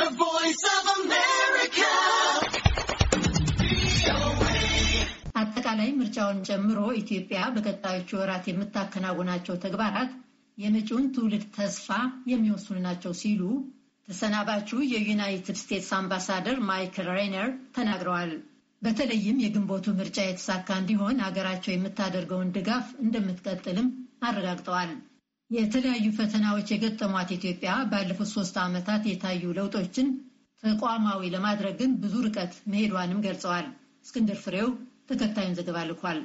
The Voice of America. አጠቃላይ ምርጫውን ጨምሮ ኢትዮጵያ በቀጣዮቹ ወራት የምታከናውናቸው ተግባራት የመጪውን ትውልድ ተስፋ የሚወስኑ ናቸው ሲሉ ተሰናባቹ የዩናይትድ ስቴትስ አምባሳደር ማይክል ሬነር ተናግረዋል። በተለይም የግንቦቱ ምርጫ የተሳካ እንዲሆን ሀገራቸው የምታደርገውን ድጋፍ እንደምትቀጥልም አረጋግጠዋል። የተለያዩ ፈተናዎች የገጠሟት ኢትዮጵያ ባለፉት ሶስት ዓመታት የታዩ ለውጦችን ተቋማዊ ለማድረግን ብዙ ርቀት መሄዷንም ገልጸዋል። እስክንድር ፍሬው ተከታዩን ዘገባ ልኳል።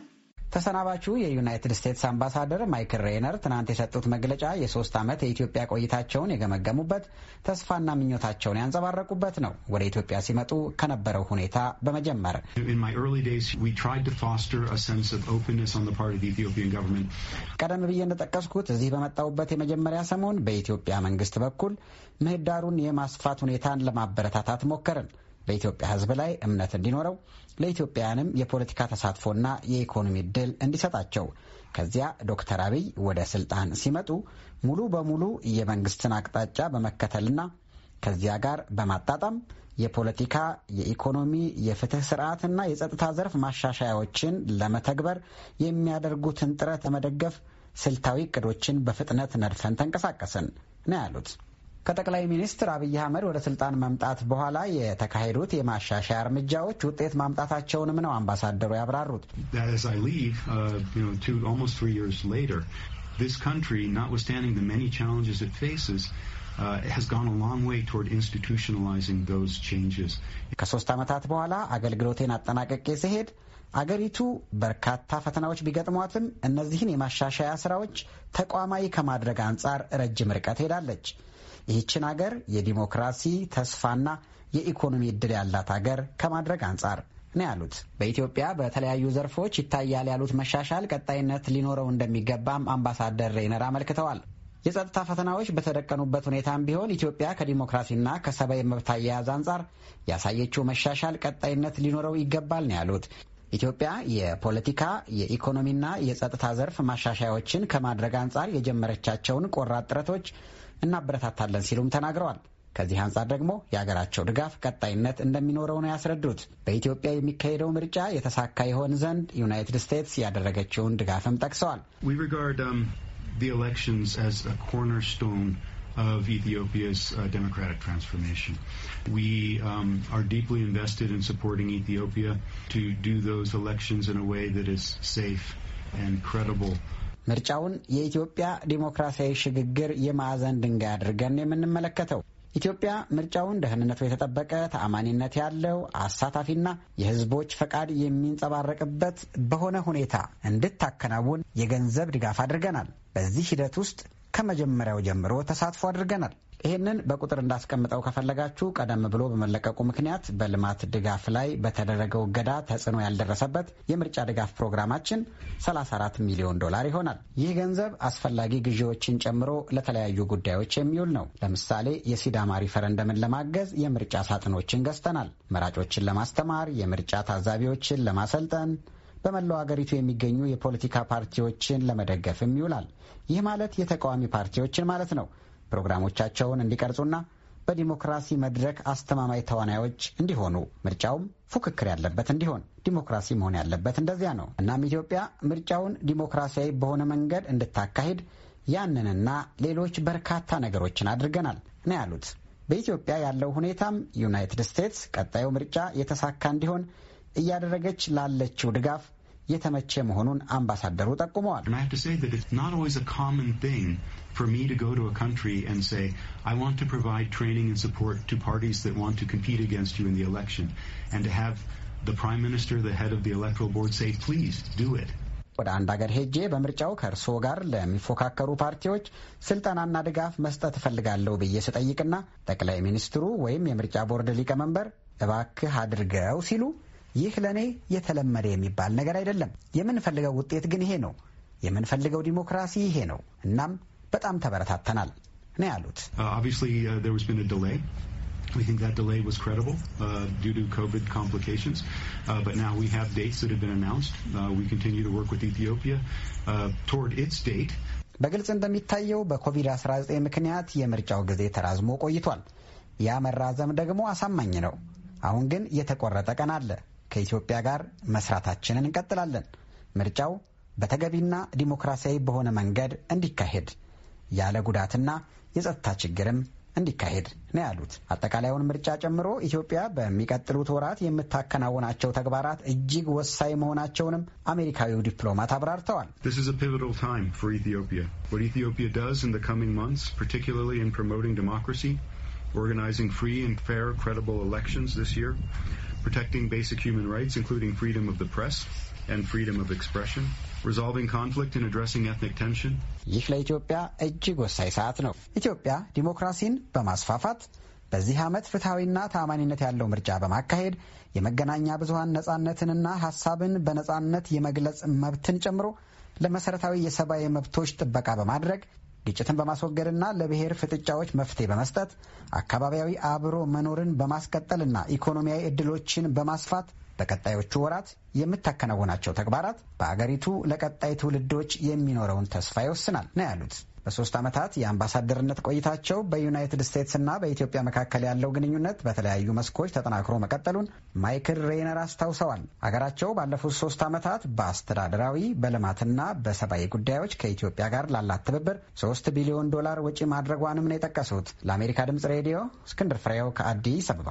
ተሰናባቹ የዩናይትድ ስቴትስ አምባሳደር ማይክል ሬይነር ትናንት የሰጡት መግለጫ የሶስት ዓመት የኢትዮጵያ ቆይታቸውን የገመገሙበት፣ ተስፋና ምኞታቸውን ያንጸባረቁበት ነው። ወደ ኢትዮጵያ ሲመጡ ከነበረው ሁኔታ በመጀመር ቀደም ብዬ እንደጠቀስኩት እዚህ በመጣሁበት የመጀመሪያ ሰሞን በኢትዮጵያ መንግስት በኩል ምህዳሩን የማስፋት ሁኔታን ለማበረታታት ሞከርን። በኢትዮጵያ ሕዝብ ላይ እምነት እንዲኖረው ለኢትዮጵያውያንም የፖለቲካ ተሳትፎና የኢኮኖሚ እድል እንዲሰጣቸው ከዚያ ዶክተር አብይ ወደ ስልጣን ሲመጡ ሙሉ በሙሉ የመንግስትን አቅጣጫ በመከተልና ከዚያ ጋር በማጣጣም የፖለቲካ፣ የኢኮኖሚ፣ የፍትህ ስርዓትና የጸጥታ ዘርፍ ማሻሻያዎችን ለመተግበር የሚያደርጉትን ጥረት ለመደገፍ ስልታዊ እቅዶችን በፍጥነት ነድፈን ተንቀሳቀስን ነው ያሉት። ከጠቅላይ ሚኒስትር አብይ አህመድ ወደ ስልጣን መምጣት በኋላ የተካሄዱት የማሻሻያ እርምጃዎች ውጤት ማምጣታቸውንም ነው አምባሳደሩ ያብራሩት። uh, This country, notwithstanding the many challenges it faces, uh, has gone a long way toward institutionalizing those changes. ከሶስት ዓመታት በኋላ አገልግሎቴን አጠናቀቄ ሲሄድ አገሪቱ በርካታ ፈተናዎች ቢገጥሟትም እነዚህን የማሻሻያ ስራዎች ተቋማዊ ከማድረግ አንጻር ረጅም ርቀት ሄዳለች። ይህችን አገር የዲሞክራሲ ተስፋና የኢኮኖሚ እድል ያላት አገር ከማድረግ አንጻር ነው ያሉት። በኢትዮጵያ በተለያዩ ዘርፎች ይታያል ያሉት መሻሻል ቀጣይነት ሊኖረው እንደሚገባም አምባሳደር ሬይነር አመልክተዋል። የጸጥታ ፈተናዎች በተደቀኑበት ሁኔታም ቢሆን ኢትዮጵያ ከዲሞክራሲና ከሰብአዊ መብት አያያዝ አንጻር ያሳየችው መሻሻል ቀጣይነት ሊኖረው ይገባል ነው ያሉት። ኢትዮጵያ የፖለቲካ የኢኮኖሚና የጸጥታ ዘርፍ ማሻሻያዎችን ከማድረግ አንጻር የጀመረቻቸውን ቆራጥ ጥረቶች እናበረታታለን ሲሉም ተናግረዋል። ከዚህ አንጻር ደግሞ የሀገራቸው ድጋፍ ቀጣይነት እንደሚኖረው ነው ያስረዱት። በኢትዮጵያ የሚካሄደው ምርጫ የተሳካ ይሆን ዘንድ ዩናይትድ ስቴትስ ያደረገችውን ድጋፍም ጠቅሰዋል። of Ethiopia's uh, democratic transformation. We um, are deeply invested in supporting Ethiopia to do those elections in a way that is safe and credible. ምርጫውን የኢትዮጵያ ዲሞክራሲያዊ ሽግግር የማዕዘን ድንጋይ አድርገን የምንመለከተው ኢትዮጵያ ምርጫውን ደህንነቱ የተጠበቀ ተአማኒነት ያለው አሳታፊና የሕዝቦች ፈቃድ የሚንጸባረቅበት በሆነ ሁኔታ እንድታከናውን የገንዘብ ድጋፍ አድርገናል። በዚህ ሂደት ውስጥ ከመጀመሪያው ጀምሮ ተሳትፎ አድርገናል። ይህንን በቁጥር እንዳስቀምጠው ከፈለጋችሁ ቀደም ብሎ በመለቀቁ ምክንያት በልማት ድጋፍ ላይ በተደረገው እገዳ ተጽዕኖ ያልደረሰበት የምርጫ ድጋፍ ፕሮግራማችን 34 ሚሊዮን ዶላር ይሆናል። ይህ ገንዘብ አስፈላጊ ግዢዎችን ጨምሮ ለተለያዩ ጉዳዮች የሚውል ነው። ለምሳሌ የሲዳማ ሪፈረንደምን ለማገዝ የምርጫ ሳጥኖችን ገዝተናል። መራጮችን ለማስተማር፣ የምርጫ ታዛቢዎችን ለማሰልጠን በመላው አገሪቱ የሚገኙ የፖለቲካ ፓርቲዎችን ለመደገፍም ይውላል። ይህ ማለት የተቃዋሚ ፓርቲዎችን ማለት ነው። ፕሮግራሞቻቸውን እንዲቀርጹና በዲሞክራሲ መድረክ አስተማማኝ ተዋናዮች እንዲሆኑ ምርጫውም ፉክክር ያለበት እንዲሆን ዲሞክራሲ መሆን ያለበት እንደዚያ ነው። እናም ኢትዮጵያ ምርጫውን ዲሞክራሲያዊ በሆነ መንገድ እንድታካሂድ ያንንና ሌሎች በርካታ ነገሮችን አድርገናል ነው ያሉት። በኢትዮጵያ ያለው ሁኔታም ዩናይትድ ስቴትስ ቀጣዩ ምርጫ የተሳካ እንዲሆን እያደረገች ላለችው ድጋፍ የተመቸ መሆኑን አምባሳደሩ ጠቁመዋል። for me to go to a country and say, I want to provide training and support to parties that want to compete against you in the election, and to have the Prime Minister, the head of the Electoral Board, say, please do it. ወደ አንድ አገር ሄጄ በምርጫው ከእርስዎ ጋር ለሚፎካከሩ ፓርቲዎች ስልጠናና ድጋፍ መስጠት እፈልጋለሁ ብዬ ስጠይቅና ጠቅላይ ሚኒስትሩ ወይም የምርጫ ቦርድ ሊቀመንበር እባክህ አድርገው ሲሉ ይህ ለእኔ የተለመደ የሚባል ነገር አይደለም። የምንፈልገው ውጤት ግን ይሄ ነው። የምንፈልገው ዲሞክራሲ ይሄ ነው። እናም በጣም ተበረታተናል ነው ያሉት። We think that delay was credible uh, due to COVID complications, uh, but now we have dates that have been announced. Uh, we continue to work with Ethiopia uh, toward its date. በግልጽ እንደሚታየው በኮቪድ-19 ምክንያት የምርጫው ጊዜ ተራዝሞ ቆይቷል። ያ መራዘም ደግሞ አሳማኝ ነው። አሁን ግን የተቆረጠ ቀን አለ። ከኢትዮጵያ ጋር መስራታችንን እንቀጥላለን። ምርጫው በተገቢና ዲሞክራሲያዊ በሆነ መንገድ እንዲካሄድ ያለ ጉዳትና የጸጥታ ችግርም እንዲካሄድ ነው ያሉት። አጠቃላዩን ምርጫ ጨምሮ ኢትዮጵያ በሚቀጥሉት ወራት የምታከናውናቸው ተግባራት እጅግ ወሳኝ መሆናቸውንም አሜሪካዊው ዲፕሎማት አብራርተዋል። ኢትዮጵያ protecting basic human rights, including freedom of the press and freedom of expression, resolving conflict and addressing ethnic tension. ይህ ለኢትዮጵያ እጅግ ወሳኝ ሰዓት ነው። ኢትዮጵያ ዲሞክራሲን በማስፋፋት በዚህ ዓመት ፍትሐዊና ተአማኒነት ያለው ምርጫ በማካሄድ የመገናኛ ብዙሀን ነጻነትንና ሀሳብን በነጻነት የመግለጽ መብትን ጨምሮ ለመሰረታዊ የሰብአዊ መብቶች ጥበቃ በማድረግ ግጭትን በማስወገድና ለብሔር ፍጥጫዎች መፍትሄ በመስጠት አካባቢያዊ አብሮ መኖርን በማስቀጠልና ኢኮኖሚያዊ እድሎችን በማስፋት በቀጣዮቹ ወራት የምታከናውናቸው ተግባራት በአገሪቱ ለቀጣይ ትውልዶች የሚኖረውን ተስፋ ይወስናል ነው ያሉት። በሶስት ዓመታት የአምባሳደርነት ቆይታቸው በዩናይትድ ስቴትስና በኢትዮጵያ መካከል ያለው ግንኙነት በተለያዩ መስኮች ተጠናክሮ መቀጠሉን ማይክል ሬይነር አስታውሰዋል። አገራቸው ባለፉት ሶስት ዓመታት በአስተዳደራዊ በልማትና በሰብአዊ ጉዳዮች ከኢትዮጵያ ጋር ላላት ትብብር ሶስት ቢሊዮን ዶላር ወጪ ማድረጓንም ነው የጠቀሱት። ለአሜሪካ ድምጽ ሬዲዮ እስክንድር ፍሬው ከአዲስ አበባ